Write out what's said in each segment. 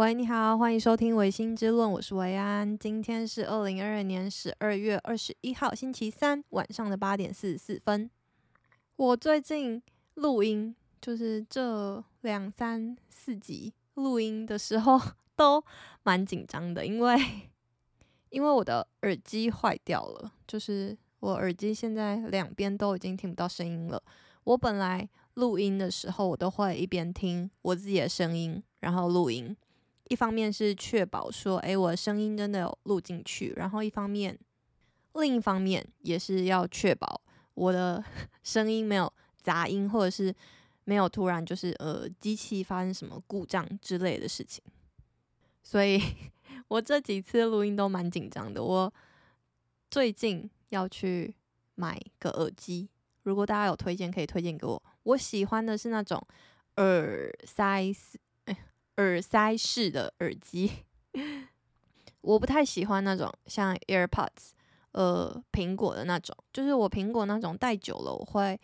喂，你好，歡迎收聽《薇心之論》，我是維安。今天是二零二二年十二月二十一號星期三晚上的八點四十四分。我最近錄音就是這兩三四集錄音的時候都蠻緊張的，因為因為我的耳機壞掉了，就是我耳機現在兩邊都已經聽不到聲音了。我本來錄音的時候，我都會一邊聽我自己的聲音，然後錄音。一方面是確保說，誒、欸，我的聲音真的有錄進去；然後一方面，另一方面也是要確保我的聲音沒有雜音，或者是沒有突然就是呃機器發生什麼故障之類的事情。所以，我這幾次錄音都蠻緊張的。我最近要去買個耳機，如果大家有推薦，可以推薦給我。我喜歡的是那種耳塞耳塞式的耳機， 我不太喜歡那種像 AirPods，呃，蘋果的那種，就是我蘋果那種戴久了我會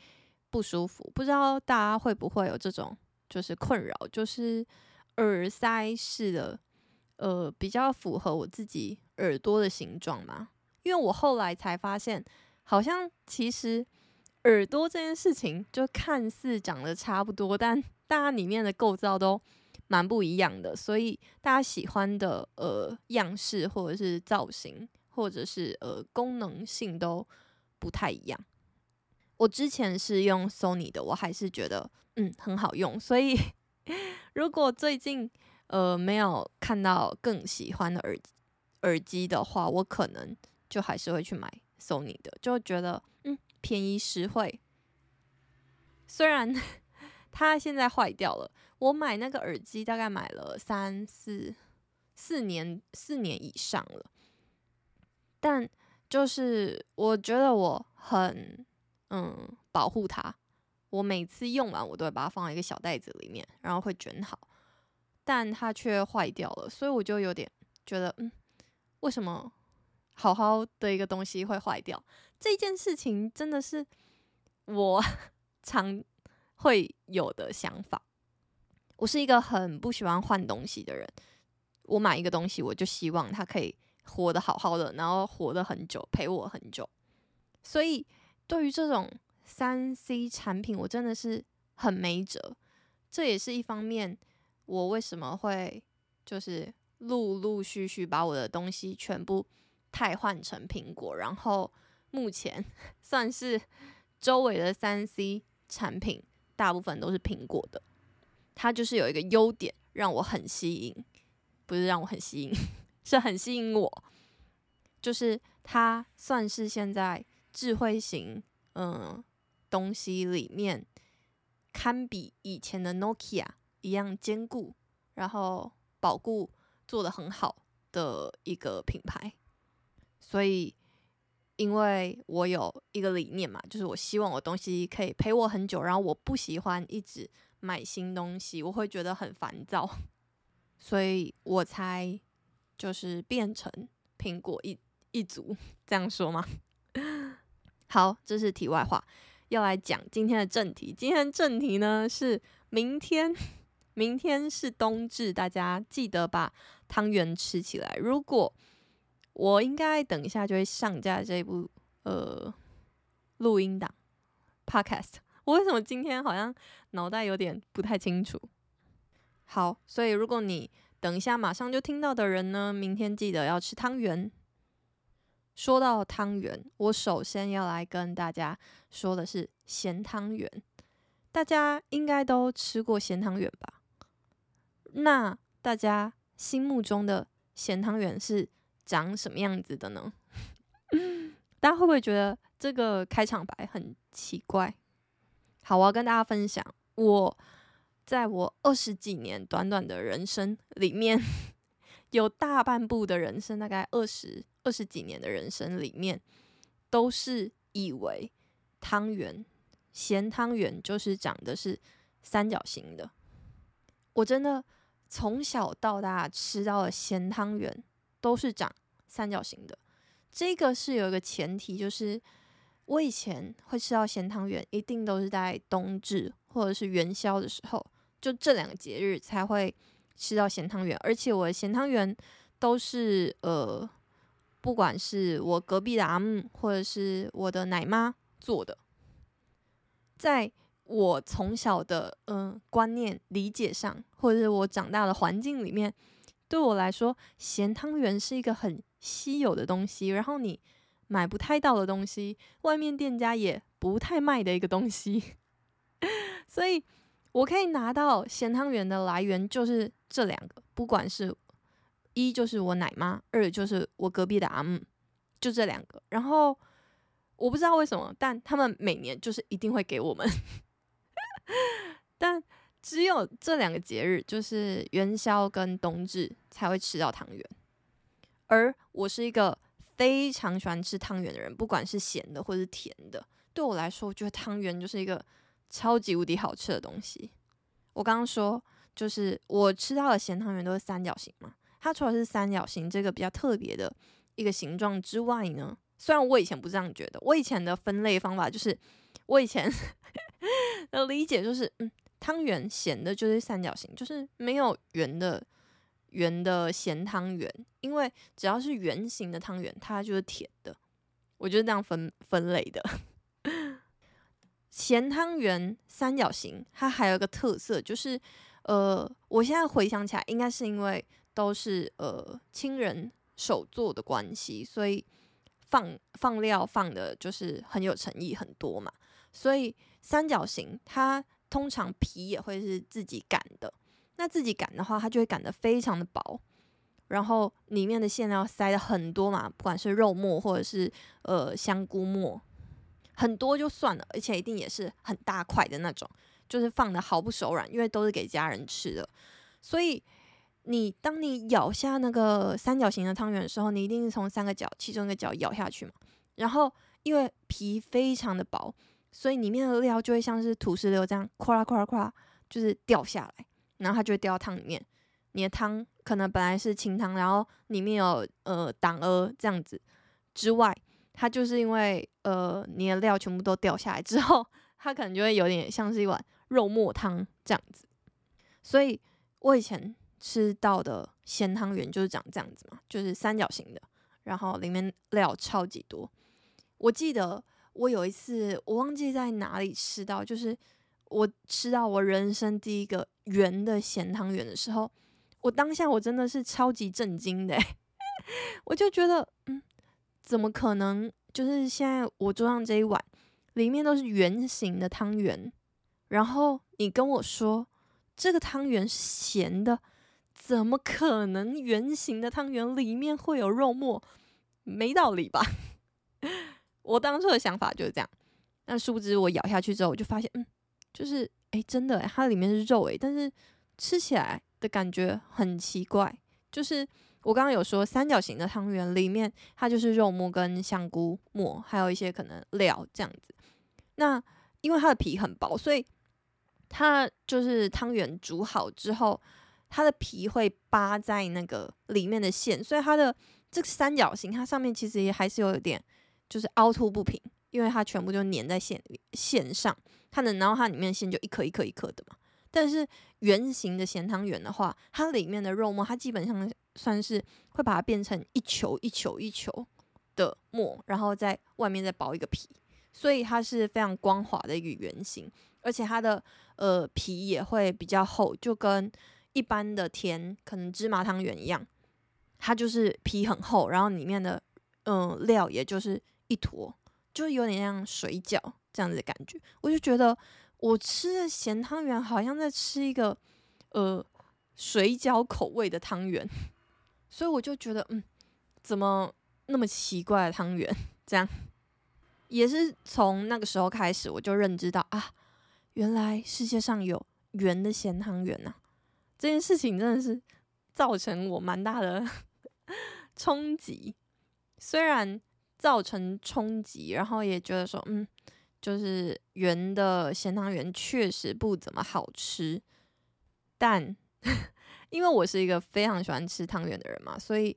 不舒服。不知道大家會不會有這種就是困擾，就是耳塞式的，呃，比較符合我自己耳朵的形狀嘛。因為我後來才發現，好像其實耳朵這件事情就看似長得差不多，但大家裡面的構造都蠻不一樣的，所以大家喜歡的呃樣式或者是造型或者是呃功能性都不太一樣。我之前是用 Sony 的，我還是覺得嗯很好用，所以如果最近呃沒有看到更喜歡的耳耳機的話，我可能就還是會去買 Sony 的，就覺得嗯便宜實惠。雖然它現在壞掉了。我買那個耳機，大概買了三四四年，四年以上了。但就是我覺得我很嗯保護它，我每次用完我都會把它放在一個小袋子裡面，然後會捲好。但它卻壞掉了，所以我就有點覺得，嗯，為什麼好好的一個東西會壞掉？這件事情真的是我常會有的想法。我是一個很不喜歡換東西的人，我買一個東西，我就希望它可以活得好好的，然後活得很久，陪我很久。所以對於這種三 C 產品，我真的是很沒轍。這也是一方面，我為什麼會就是陸陸續續把我的東西全部汰換成蘋果，然後目前算是周圍的三 C 產品大部分都是蘋果的。它就是有一個優點讓我很吸引，不是讓我很吸引，是很吸引我。就是它算是現在智慧型嗯、呃、東西裡面，堪比以前的 Nokia、ok、一樣堅固，然後保固做得很好的一個品牌。所以，因為我有一個理念嘛，就是我希望我的東西可以陪我很久，然後我不喜歡一直。買新東西，我會覺得很煩躁，所以我才就是變成蘋果一一族這樣說嗎？好，這是題外話，要來講今天的正題。今天的正題呢是明天，明天是冬至，大家記得把湯圓吃起來。如果我應該等一下就會上架這部呃錄音檔，Podcast。我為什麼今天好像？腦袋有點不太清楚。好，所以如果你等一下馬上就聽到的人呢，明天記得要吃湯圓。說到湯圓，我首先要來跟大家說的是鹹湯圓。大家應該都吃過鹹湯圓吧？那大家心目中的鹹湯圓是長什麼樣子的呢？ 大家會不會覺得這個開場白很奇怪？好，我要跟大家分享。我在我二十幾年短短的人生裡面，有大半部的人生，大概二十二十幾年的人生裡面，都是以為湯圓鹹湯圓就是長的是三角形的。我真的從小到大吃到的鹹湯圓都是長三角形的。這個是有一個前提，就是。我以前會吃到鹹湯圓，一定都是在冬至或者是元宵的時候，就這兩個節日才會吃到鹹湯圓。而且我的鹹湯圓都是呃，不管是我隔壁的阿姆或者是我的奶媽做的。在我從小的嗯、呃、觀念理解上，或者是我長大的環境裡面，對我來說，鹹湯圓是一個很稀有的東西，然後你。買不太到的東西，外面店家也不太賣的一個東西， 所以我可以拿到鹹湯圓的來源就是這兩個，不管是一就是我奶媽，二就是我隔壁的阿姆，就這兩個。然後我不知道為什麼，但他們每年就是一定會給我們， 但只有這兩個節日，就是元宵跟冬至才會吃到湯圓，而我是一個。非常喜歡吃湯圓的人，不管是鹹的或是甜的，對我來說，我覺得湯圓就是一個超級無敵好吃的東西。我剛剛說，就是我吃到的鹹湯圓都是三角形嘛，它除了是三角形這個比較特別的一個形狀之外呢，雖然我以前不這樣覺得，我以前的分類方法就是，我以前的理解就是，嗯，湯圓鹹的就是三角形，就是沒有圓的。圓的鹹湯圓，因為只要是圓形的湯圓，它就是甜的。我就是這樣分分類的。 鹹湯圓三角形，它還有一個特色就是，呃，我現在回想起來，應該是因為都是呃親人手做的關係，所以放放料放的就是很有誠意，很多嘛。所以三角形它通常皮也會是自己擀的。那自己擀的話，它就會擀得非常的薄，然後裡面的餡料塞得很多嘛，不管是肉末或者是呃香菇末，很多就算了，而且一定也是很大塊的那種，就是放得毫不手軟，因為都是給家人吃的。所以你當你咬下那個三角形的湯圓的時候，你一定是從三個角其中一個角咬下去嘛，然後因為皮非常的薄，所以裡面的料就會像是土石流這樣誇啦誇啦誇，就是掉下來。然後它就會掉到湯裡面，你的湯可能本來是清湯，然後裡面有呃黨鵝這樣子之外，它就是因為呃你的料全部都掉下來之後，它可能就會有點像是一碗肉末湯這樣子。所以，我以前吃到的鹹湯圓就是長這樣子嘛，就是三角形的，然後裡面料超級多。我記得我有一次，我忘記在哪裡吃到，就是我吃到我人生第一個。圓的鹹湯圓的時候，我當下我真的是超級震驚的，欸， 我就覺得，嗯，怎麼可能？就是現在我桌上這一碗裡面都是圓形的湯圓，然後你跟我說這個湯圓是鹹的，怎麼可能？圓形的湯圓裡面會有肉末？沒道理吧？ 我當初的想法就是這樣，但殊不知我咬下去之後，我就發現，嗯，就是。哎，真的，它裡面是肉哎，但是吃起來的感覺很奇怪，就是我剛剛有說三角形的湯圓裡面它就是肉末跟香菇末，還有一些可能料這樣子。那因為它的皮很薄，所以它就是湯圓煮好之後，它的皮會扒在那個裡面的餡，所以它的這個三角形它上面其實也還是有點就是凹凸不平，因為它全部就粘在餡餡上，它的，然後它裡面餡就一顆一顆一顆的嘛。但是圓形的鹹湯圓的話，它裡面的肉末，它基本上算是會把它變成一球一球一球的末，然後在外面再包一個皮，所以它是非常光滑的一個圓形，而且它的呃皮也會比較厚，就跟一般的甜可能芝麻湯圓一樣，它就是皮很厚，然後裡面的嗯、呃、料也就是一坨，就是有點像水餃。這樣子的感覺，我就覺得我吃的鹹湯圓好像在吃一個呃水餃口味的湯圓，所以我就覺得嗯，怎麼那麼奇怪的湯圓？這樣也是從那個時候開始，我就認知到啊，原來世界上有圓的鹹湯圓呢。這件事情真的是造成我蠻大的衝 擊，雖然造成衝擊，然後也覺得說嗯。就是圓的鹹湯圓確實不怎麼好吃，但呵呵因為我是一個非常喜歡吃湯圓的人嘛，所以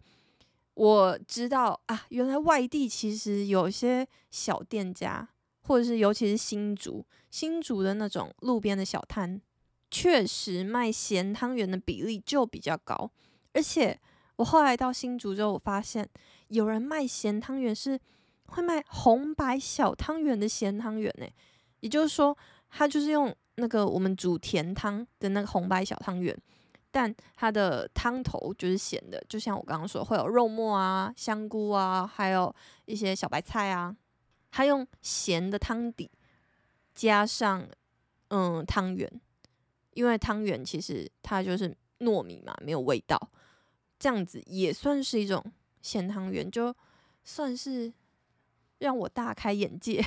我知道啊，原來外地其實有些小店家，或者是尤其是新竹、新竹的那種路邊的小攤，確實賣鹹湯圓的比例就比較高。而且我後來到新竹之後，我發現有人賣鹹湯圓是，會賣紅白小湯圓的鹹湯圓呢，也就是說，它就是用那個我們煮甜湯的那個紅白小湯圓，但它的湯頭就是鹹的，就像我剛剛說會有肉末啊、香菇啊，還有一些小白菜啊，它用鹹的湯底加上嗯湯圓，因為湯圓其實它就是糯米嘛，沒有味道，這樣子也算是一種鹹湯圓，就算是。讓我大開眼界，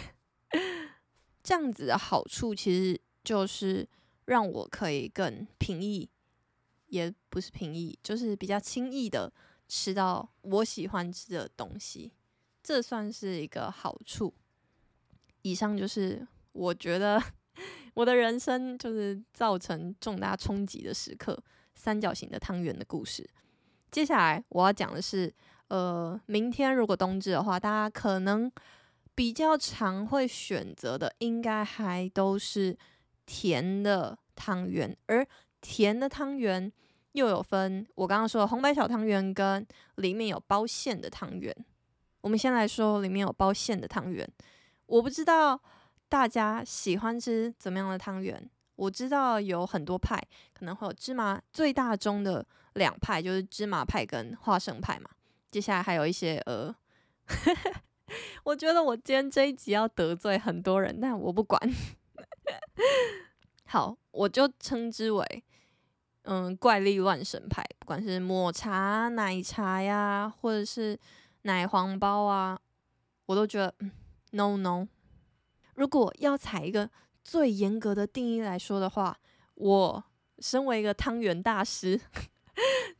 這樣子的好處其實就是讓我可以更平易，也不是平易，就是比較輕易的吃到我喜歡吃的東西，這算是一個好處。以上就是我覺得我的人生就是造成重大衝擊的時刻——三角形的湯圓的故事。接下來我要講的是。呃，明天如果冬至的話，大家可能比較常會選擇的，應該還都是甜的湯圓。而甜的湯圓又有分，我剛剛說的紅白小湯圓跟裡面有包餡的湯圓。我們先來說裡面有包餡的湯圓。我不知道大家喜歡吃怎麼樣的湯圓，我知道有很多派，可能會有芝麻最大宗的兩派，就是芝麻派跟花生派嘛。接下來還有一些呃， 我覺得我今天這一集要得罪很多人，但我不管。 好，我就稱之為嗯怪力亂神派，不管是抹茶奶茶呀，或者是奶黃包啊，我都覺得嗯 no no。如果要採一個最嚴格的定義來說的話，我身為一個湯圓大師，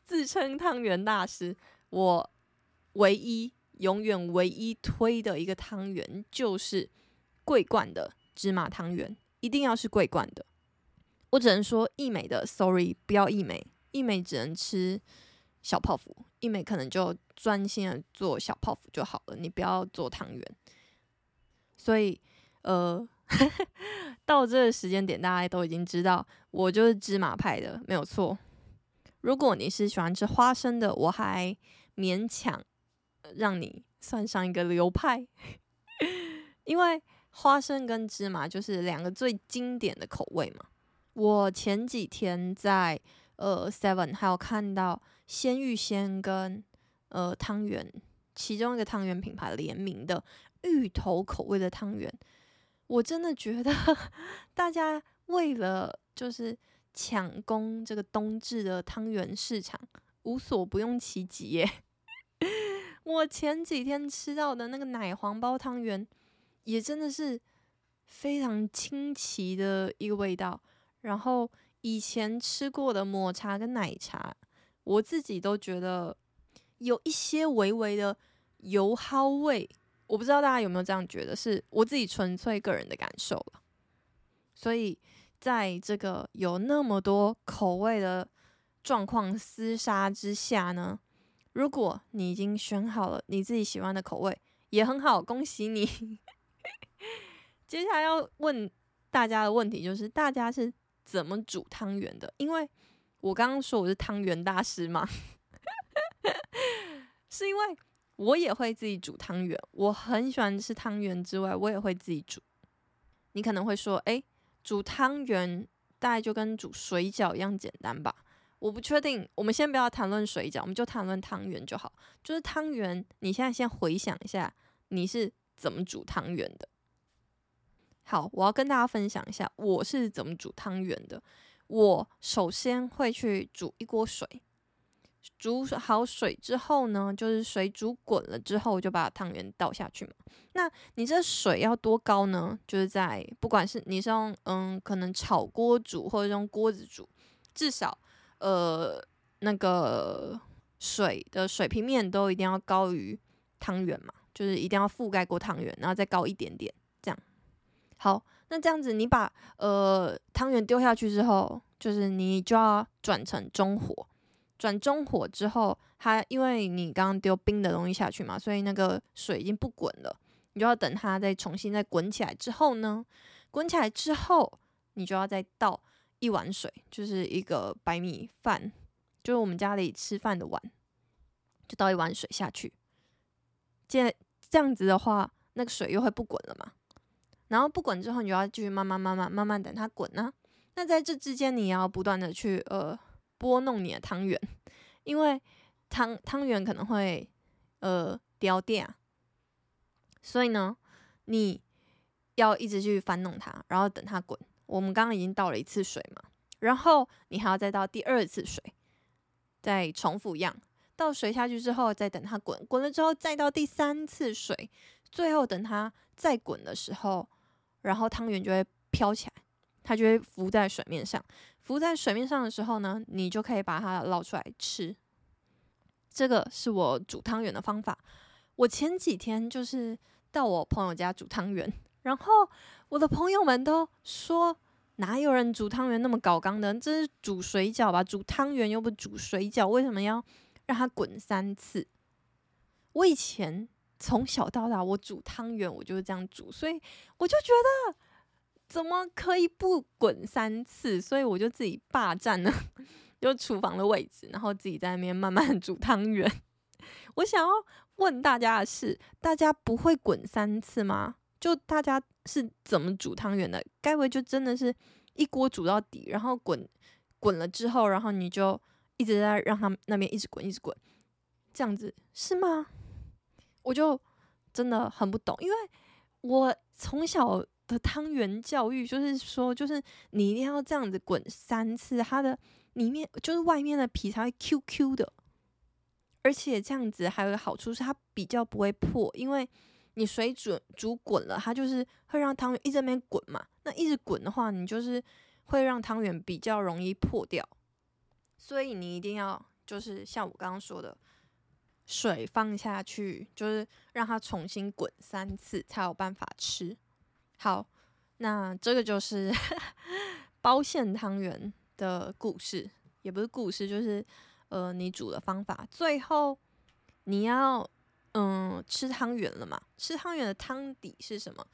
自稱湯圓大師，我。唯一永遠唯一推的一個湯圓就是桂冠的芝麻湯圓，一定要是桂冠的。我只能說義美的，sorry，不要義美，義美只能吃小泡芙，義美可能就專心的做小泡芙就好了，你不要做湯圓。所以，呃， 到這個時間點，大家都已經知道我就是芝麻派的，沒有錯。如果你是喜歡吃花生的，我還勉強。讓你算上一個流派， 因為花生跟芝麻就是兩個最經典的口味嘛。我前幾天在呃 Seven 還有看到鮮芋仙跟呃湯圓其中一個湯圓品牌聯名的芋頭口味的湯圓，我真的覺得大家為了就是搶攻這個冬至的湯圓市場，無所不用其極耶。我前幾天吃到的那個奶黃包湯圓，也真的是非常清奇的一個味道。然後以前吃過的抹茶跟奶茶，我自己都覺得有一些微微的油耗味。我不知道大家有沒有這樣覺得，是我自己純粹個人的感受了。所以在這個有那麼多口味的狀況廝殺之下呢，如果你已經選好了你自己喜歡的口味，也很好，恭喜你。 接下來要問大家的問題就是：大家是怎麼煮湯圓的？因為，我剛剛說我是湯圓大師嘛， 是因為我也會自己煮湯圓。我很喜歡吃湯圓之外，我也會自己煮。你可能會說，哎、欸，煮湯圓大概就跟煮水餃一樣簡單吧？我不確定，我們先不要談論水餃，我們就談論湯圓就好。就是湯圓，你現在先回想一下你是怎麼煮湯圓的。好，我要跟大家分享一下我是怎麼煮湯圓的。我首先會去煮一鍋水，煮好水之後呢，就是水煮滾了之後，就把湯圓倒下去嘛。那你這水要多高呢？就是在不管是你是用嗯，可能炒鍋煮或者用鍋子煮，至少。呃，那個水的水平面都一定要高於湯圓嘛，就是一定要覆蓋過湯圓，然後再高一點點，這樣。好，那這樣子你把呃湯圓丟下去之後，就是你就要轉成中火，轉中火之後，它因為你剛剛丟冰的東西下去嘛，所以那個水已經不滾了，你就要等它再重新再滾起來之後呢，滾起來之後，你就要再倒。一碗水就是一個白米飯，就是我們家裡吃飯的碗，就倒一碗水下去。這這樣子的話，那個水又會不滾了嘛。然後不滾之後，你就要繼續慢慢、慢慢、慢慢等它滾呢啊。那在這之間，你要不斷的去呃撥弄你的湯圓，因為湯湯圓可能會呃掉電、啊。所以呢，你要一直去翻弄它，然後等它滾。我們剛剛已經倒了一次水嘛，然後你還要再倒第二次水，再重複一樣，倒水下去之後，再等它滾，滾了之後，再倒第三次水，最後等它再滾的時候，然後湯圓就會飄起來，它就會浮在水面上。浮在水面上的時候呢，你就可以把它撈出來吃。這個是我煮湯圓的方法。我前幾天就是到我朋友家煮湯圓。然後我的朋友們都說：“哪有人煮湯圓那麼搞剛的？這是煮水餃吧？煮湯圓又不煮水餃，為什麼要讓它滾三次？”我以前從小到大，我煮湯圓我就是這樣煮，所以我就覺得怎麼可以不滾三次？所以我就自己霸占了呵呵就廚房的位置，然後自己在那邊慢慢煮湯圓。我想要問大家的是：大家不會滾三次嗎？就大家是怎麼煮湯圓的？該不會就真的是，一鍋煮到底，然後滾，滾了之後，然後你就一直在讓他那邊一直滾，一直滾，這樣子是嗎？我就真的很不懂，因為我從小的湯圓教育就是說，就是你一定要這樣子滾三次，它的裡面就是外面的皮才會 Q Q 的，而且這樣子還有一個好處是它比較不會破，因為。你水煮煮滾了，它就是會讓湯圓一直在那邊滾嘛。那一直滾的話，你就是會讓湯圓比較容易破掉。所以你一定要就是像我剛剛說的，水放下去就是讓它重新滾三次才有辦法吃。好，那這個就是 包餡湯圓的故事，也不是故事，就是呃你煮的方法。最後你要。嗯，吃湯圓了嘛？吃湯圓的湯底是什麼？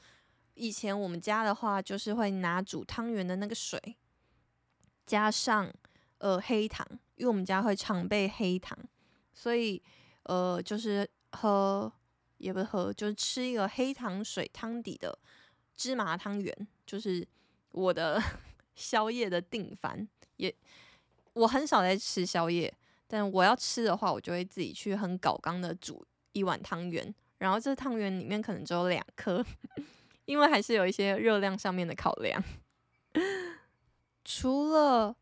以前我們家的話，就是會拿煮湯圓的那個水，加上呃黑糖，因為我們家會常備黑糖，所以呃就是喝也不喝，就是吃一個黑糖水湯底的芝麻湯圓，就是我的宵夜的定番。也我很少在吃宵夜，但我要吃的話，我就會自己去很搞剛的煮，一碗湯圓，然後這湯圓裡面可能只有兩顆，因為還是有一些熱量上面的考量。除了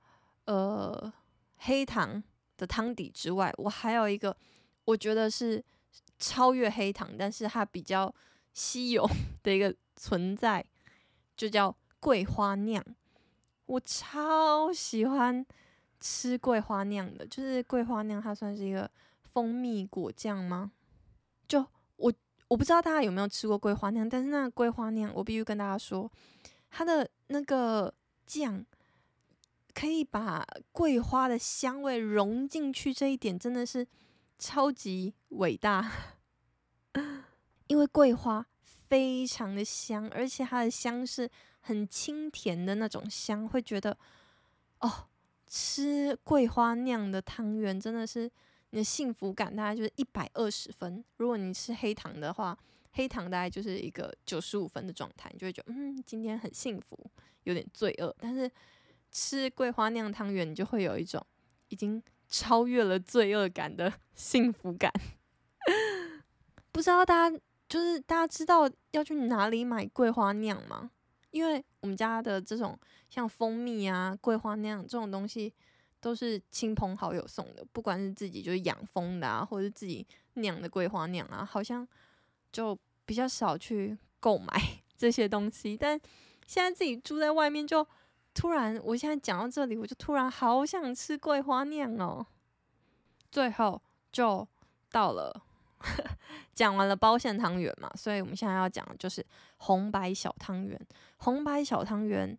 呃黑糖的湯底之外，我還有一個我覺得是超越黑糖，但是它比較稀有的一個存在，就叫桂花釀。我超喜歡吃桂花釀的，就是桂花釀，它算是一個蜂蜜果醬嗎？就我我不知道大家有沒有吃過桂花釀？但是那個桂花釀，我必須跟大家說，它的那個醬可以把桂花的香味融進去，這一點真的是超級偉大。因為桂花非常的香，而且它的香是很清甜的那種香，會覺得哦，吃桂花釀的湯圓真的是。你的幸福感大概就是一百二十分，如果你吃黑糖的話，黑糖大概就是一個九十五分的狀態，你就會覺得嗯，今天很幸福，有點罪惡。但是吃桂花釀湯圓，你就會有一種已經超越了罪惡感的幸福感。 不知道大家就是大家知道要去哪裡買桂花釀嗎？因為我們家的這種像蜂蜜啊、桂花釀這種東西。都是親朋好友送的，不管是自己就是養蜂的啊，或者是自己釀的桂花釀啊，好像就比較少去購買這些東西。但現在自己住在外面，就突然，我現在講到這裡，我就突然好想吃桂花釀哦。最後就到了，呵呵，講完了包餡湯圓嘛，所以我們現在要講的就是紅白小湯圓。紅白小湯圓，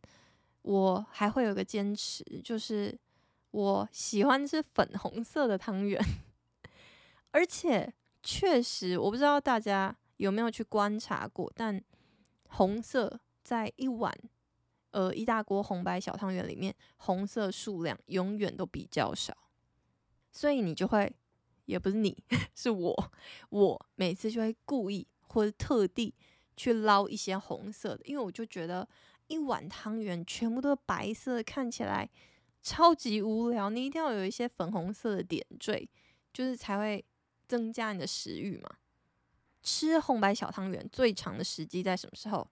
我還會有個堅持就是。我喜歡吃粉紅色的湯圓，而且確實我不知道大家有沒有去觀察過，但紅色在一碗呃一大鍋紅白小湯圓裡面，紅色數量永遠都比較少，所以你就會，也不是你，是我，我每次就會故意或者特地去撈一些紅色的，因為我就覺得一碗湯圓全部都是白色，看起來。超級無聊，你一定要有一些粉紅色的點綴，就是才會增加你的食欲嘛。吃紅白小湯圓最長的時機在什麼時候？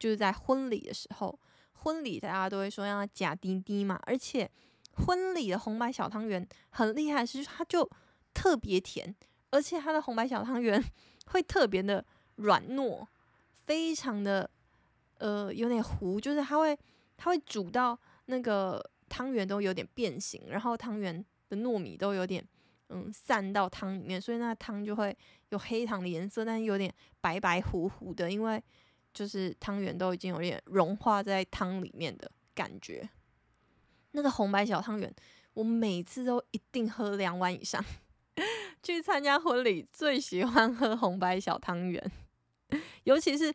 就是在婚禮的時候。婚禮大家都會說要假滴滴嘛，而且婚禮的紅白小湯圓很厲害，是它就特別甜，而且它的紅白小湯圓會特別的軟糯，非常的呃有點糊，就是它會它會煮到那個。湯圓都有點變形，然後湯圓的糯米都有點嗯散到湯裡面，所以那湯就會有黑糖的顏色，但是有點白白糊糊的，因為就是湯圓都已經有點融化在湯裡面的感覺。那個紅白小湯圓，我每次都一定喝兩碗以上。去參加婚禮最喜歡喝紅白小湯圓，尤其是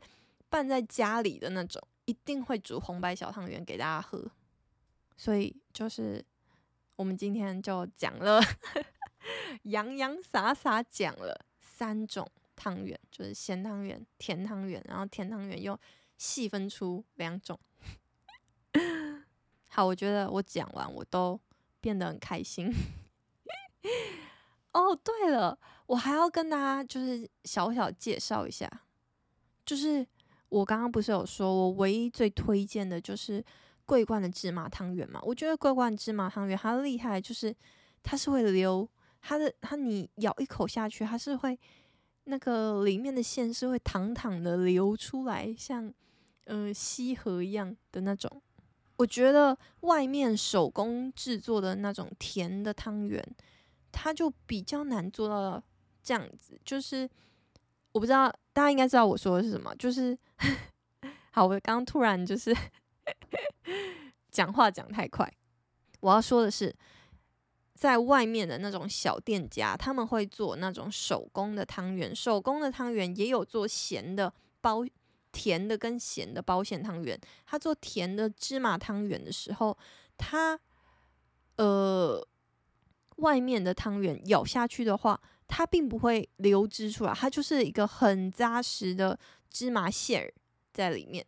辦在家裡的那種，一定會煮紅白小湯圓給大家喝。所以就是，我們今天就講了 洋洋灑灑講了三種湯圓，就是鹹湯圓、甜湯圓，然後甜湯圓又細分出兩種。 好，我覺得我講完我都變得很開心。哦，對了，我還要跟大家就是小小介紹一下，就是我剛剛不是有說，我唯一最推薦的就是。桂冠的芝麻湯圓嘛，我覺得桂冠芝麻湯圓它厲害，就是它是會流，它的它你咬一口下去，它是會那個裡面的餡是會淌淌的流出來，像嗯、呃、西河一樣的那種。我覺得外面手工製作的那種甜的湯圓，它就比較難做到這樣子。就是我不知道大家應該知道我說的是什麼，就是 好，我剛突然就是。 講話講太快。我要說的是，在外面的那種小店家，他們會做那種手工的湯圓。手工的湯圓也有做鹹的包，甜的跟鹹的包餡湯圓。他做甜的芝麻湯圓的時候，他呃，外面的湯圓咬下去的話，它並不會流汁出來，它就是一個很扎實的芝麻餡兒在裡面。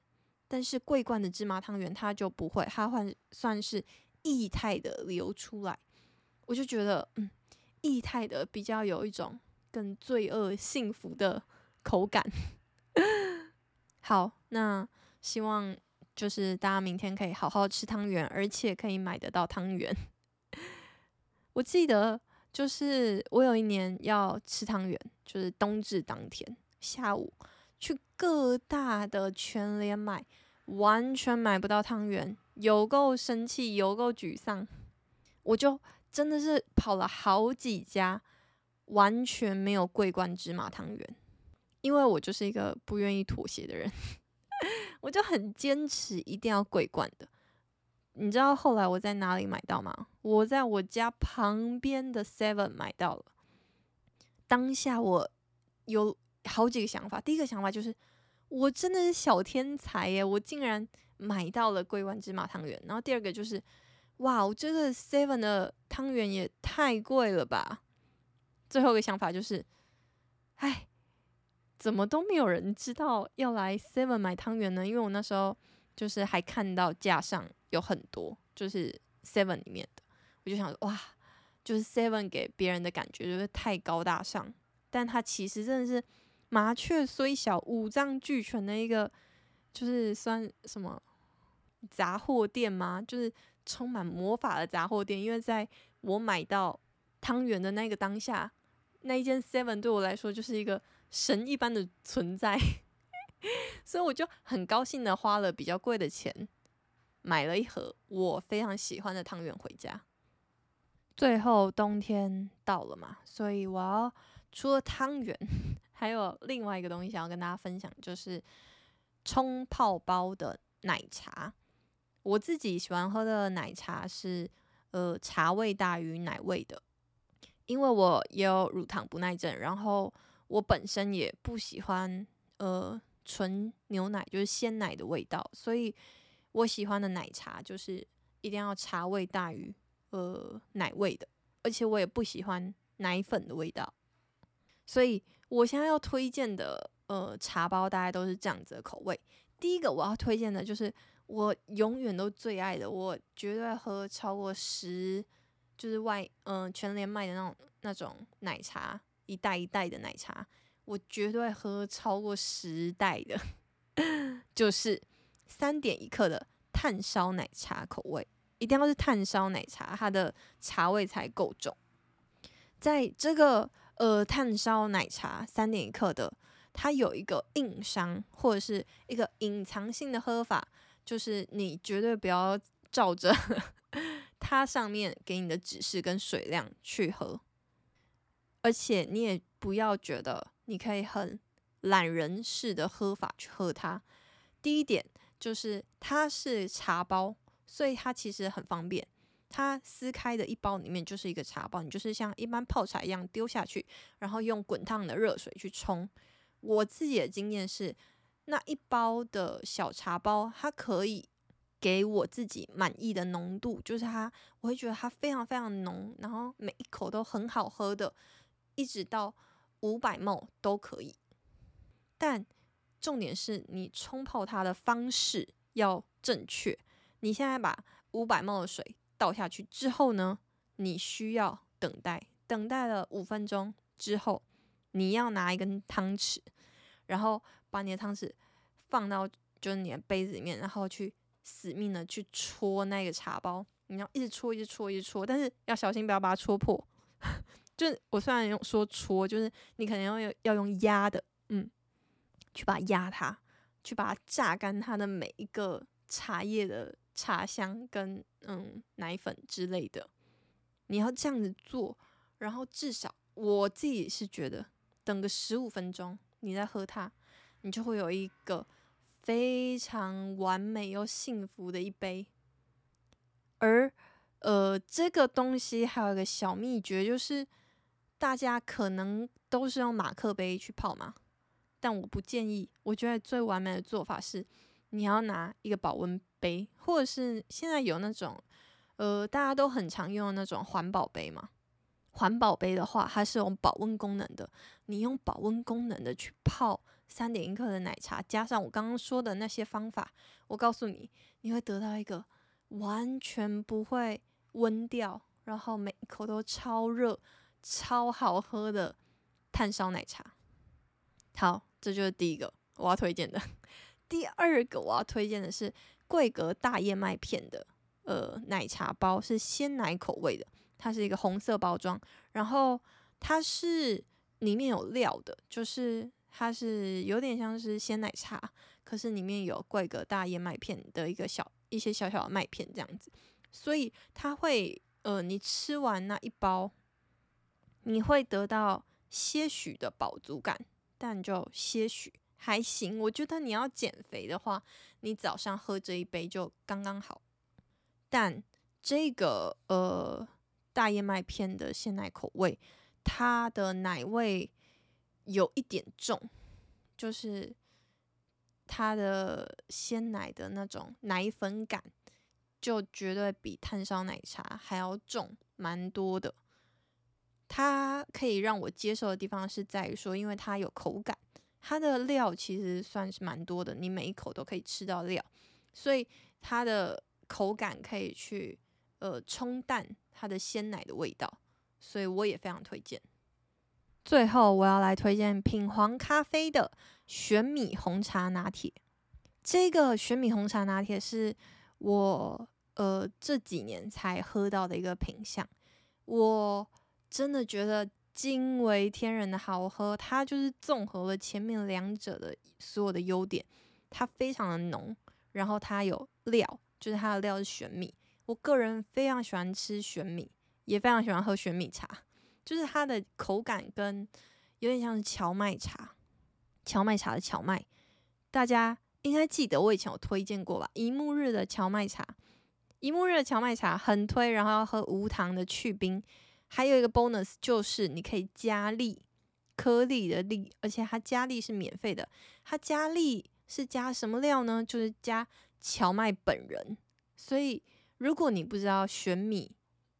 但是桂冠的芝麻湯圓它就不會，它會算是液態的流出來。我就覺得，嗯，液態的比較有一種更罪惡幸福的口感。 好，那希望就是大家明天可以好好吃湯圓，而且可以買得到湯圓。我記得就是我有一年要吃湯圓，就是冬至當天下午。去各大的全聯買，完全買不到湯圓，有夠生氣，有夠沮喪。我就真的是跑了好幾家，完全沒有桂冠芝麻湯圓，因為我就是一個不願意妥協的人， 我就很堅持一定要桂冠的。你知道後來我在哪裡買到嗎？我在我家旁邊的 Seven 買到了。當下我有。好幾個想法。第一個想法就是，我真的是小天才耶！我竟然買到了桂冠芝麻湯圓。然後第二個就是，哇，我覺得 seven 的湯圓也太貴了吧！最後一個想法就是，哎，怎麼都沒有人知道要來 seven 買湯圓呢？因為我那時候就是還看到架上有很多，就是 seven 裡面的，我就想，哇，就是 seven 給別人的感覺就是太高大上，但它其實真的是。麻雀雖小，五臟俱全的一個，就是算什麼雜貨店嗎？就是充滿魔法的雜貨店。因為在我買到湯圓的那個當下，那一間 Seven 對我來說就是一個神一般的存在， 所以我就很高興的花了比較貴的錢，買了一盒我非常喜歡的湯圓回家。最後冬天到了嘛，所以我要除了湯圓。還有另外一個東西想要跟大家分享，就是沖泡包的奶茶。我自己喜歡喝的奶茶是，呃，茶味大於奶味的，因為我也有乳糖不耐症，然後我本身也不喜歡，呃，純牛奶，就是鮮奶的味道。所以我喜歡的奶茶就是一定要茶味大於，呃，奶味的，而且我也不喜歡奶粉的味道，所以。我現在要推薦的，呃，茶包大概都是這樣子的口味。第一個我要推薦的就是我永遠都最愛的，我絕對喝超過十，就是外，嗯、呃，全聯賣的那種那種奶茶，一袋一袋的奶茶，我絕對喝超過十袋的， 就是三點一刻的炭燒奶茶口味，一定要是炭燒奶茶，它的茶味才夠重，在這個。呃，炭燒奶茶三點一刻的，它有一個硬傷，或者是一個隱藏性的喝法，就是你絕對不要照着 它上面給你的指示跟水量去喝，而且你也不要覺得你可以很懶人式的喝法去喝它。第一點就是它是茶包，所以它其實很方便。它撕開的一包裡面就是一個茶包，你就是像一般泡茶一樣丟下去，然後用滾燙的熱水去沖。我自己的經驗是，那一包的小茶包它可以給我自己滿意的濃度，就是它，我會覺得它非常非常濃，然後每一口都很好喝的，一直到 500ml 都可以。但重點是你沖泡它的方式要正確。你現在把 500ml 的水，倒下去之後呢，你需要等待，等待了五分鐘之後，你要拿一根湯匙，然後把你的湯匙放到就是你的杯子裡面，然後去死命的去戳那個茶包，你要一直戳，一直戳，一直戳，但是要小心不要把它戳破。 就我雖然用說戳，就是你可能要用要用壓的，嗯，去把它壓它，去把它榨乾它的每一個茶葉的。茶香跟嗯奶粉之類的，你要這樣子做，然後至少我自己是覺得，等個十五分鐘，你再喝它，你就會有一個非常完美又幸福的一杯。而呃，這個東西還有一個小秘訣，就是大家可能都是用馬克杯去泡嘛，但我不建議，我覺得最完美的做法是。你要拿一個保溫杯，或者是現在有那種，呃，大家都很常用的那種環保杯嘛。環保杯的話，它是有保溫功能的。你用保溫功能的去泡三點一刻的奶茶，加上我剛剛說的那些方法，我告訴你，你會得到一個完全不會溫掉，然後每一口都超熱、超好喝的炭燒奶茶。好，這就是第一個我要推薦的。第二個我要推薦的是桂格大燕麥片的呃奶茶包，是鮮奶口味的，它是一個紅色包裝，然後它是裡面有料的，就是它是有點像是鮮奶茶，可是裡面有桂格大燕麥片的一個小，一些小小的麥片這樣子，所以它會呃你吃完那一包，你會得到些許的飽足感，但就些許。還行，我覺得你要減肥的話，你早上喝這一杯就剛剛好。但這個呃大燕麥片的鮮奶口味，它的奶味有一點重，就是它的鮮奶的那種奶粉感，就絕對比炭燒奶茶還要重蠻多的。它可以讓我接受的地方是在於說，因為它有口感。它的料其實算是蠻多的，你每一口都可以吃到料，所以它的口感可以去呃沖淡它的鮮奶的味道，所以我也非常推薦。最後我要來推薦品皇咖啡的玄米紅茶拿鐵，這個玄米紅茶拿鐵是我呃這幾年才喝到的一個品項，我真的覺得。驚為天人的好喝，它就是綜合了前面兩者的所有的優點，它非常的濃，然後它有料，就是它的料是玄米。我個人非常喜歡吃玄米，也非常喜歡喝玄米茶，就是它的口感跟有點像是蕎麥茶，蕎麥茶的蕎麥，大家應該記得我以前有推薦過吧？一沐日的蕎麥茶，一沐日的蕎麥茶很推，然後要喝無糖的去冰。還有一個 bonus 就是你可以加粒顆粒的粒。而且它加粒是免費的。它加粒是加什麼料呢？就是加蕎麥本人。所以如果你不知道玄米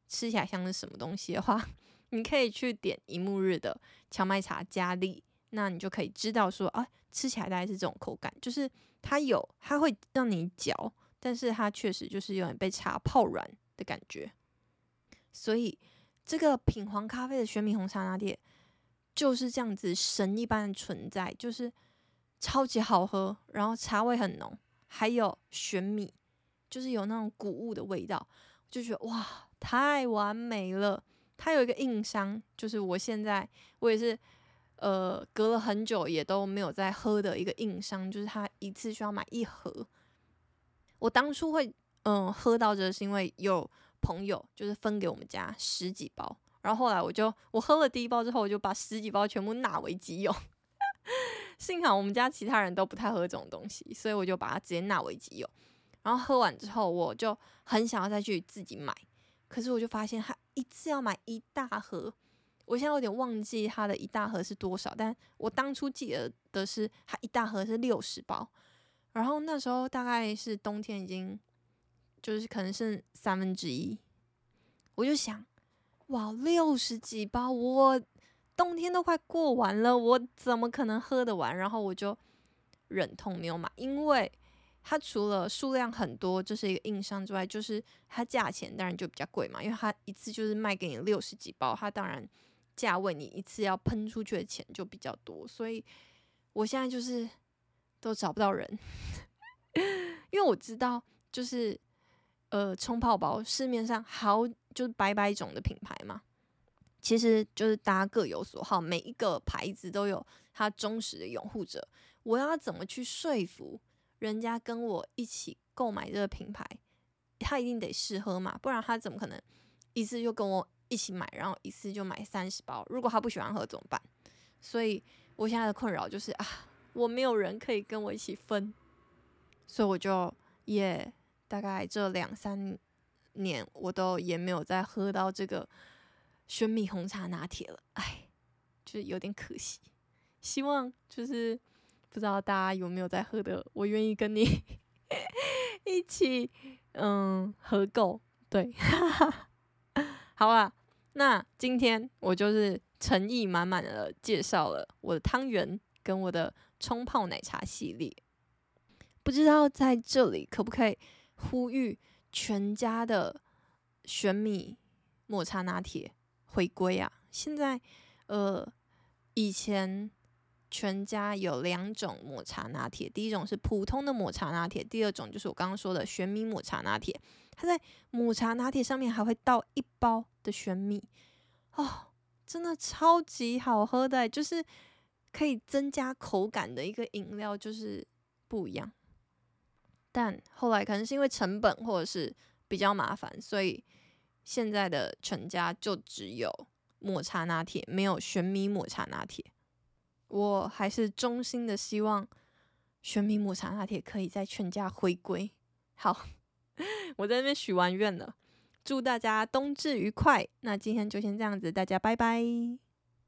吃起來像是什麼東西的話，你可以去點一沐日的蕎麥茶加粒，那你就可以知道說啊，吃起來大概是這種口感，就是它有它會讓你嚼，但是它確實就是有點被茶泡軟的感覺。所以。這個品皇咖啡的玄米紅茶拿鐵就是這樣子神一般的存在，就是超級好喝，然後茶味很濃，還有玄米，就是有那種谷物的味道，就覺得哇，太完美了。它有一個硬傷，就是我現在我也是呃隔了很久也都沒有再喝的一個硬傷，就是它一次需要買一盒。我當初會嗯、呃、喝到，這是因為有。朋友就是分給我們家十幾包，然後後來我就我喝了第一包之後，我就把十幾包全部納為己有。幸好我們家其他人都不太喝這種東西，所以我就把它直接納為己有。然後喝完之後，我就很想要再去自己買，可是我就發現它一次要買一大盒，我現在有點忘記它的一大盒是多少，但我當初記得的是它一大盒是六十包。然後那時候大概是冬天，已經。就是可能剩三分之一，我就想，哇，六十幾包，我冬天都快過完了，我怎麼可能喝得完？然後我就忍痛沒有買，因為它除了數量很多，這、就是一個硬傷之外，就是它價錢當然就比較貴嘛，因為它一次就是賣給你六十幾包，它當然價位你一次要噴出去的錢就比較多，所以我現在就是都找不到人， 因為我知道就是。呃，沖泡包市面上好就是百百種的品牌嘛，其實就是大家各有所好，每一個牌子都有他忠實的擁護者。我要怎麼去說服人家跟我一起購買這個品牌？他一定得試喝嘛，不然他怎麼可能一次就跟我一起買，然後一次就買三十包？如果他不喜歡喝怎麼辦？所以我現在的困擾就是啊，我沒有人可以跟我一起分，所以我就耶。Yeah 大概這兩三年，我都也沒有再喝到這個玄米紅茶拿鐵了，哎，就是有點可惜。希望就是不知道大家有沒有在喝的，我願意跟你 一起，嗯，合購。對哈哈，好啊。那今天我就是誠意滿滿的介紹了我的湯圓跟我的沖泡奶茶系列，不知道在這裡可不可以。呼籲全家的玄米抹茶拿鐵回歸啊！現在，呃，以前全家有兩種抹茶拿鐵，第一種是普通的抹茶拿鐵，第二種就是我剛剛說的玄米抹茶拿鐵，它在抹茶拿鐵上面還會倒一包的玄米，哦，真的超級好喝的欸，就是可以增加口感的一個飲料，就是不一樣。但後來可能是因為成本或者是比較麻煩，所以現在的全家就只有抹茶拿鐵，沒有玄米抹茶拿鐵。我還是衷心的希望玄米抹茶拿鐵可以在全家回歸。好，我在那邊許完願了，祝大家冬至愉快。那今天就先這樣子，大家拜拜。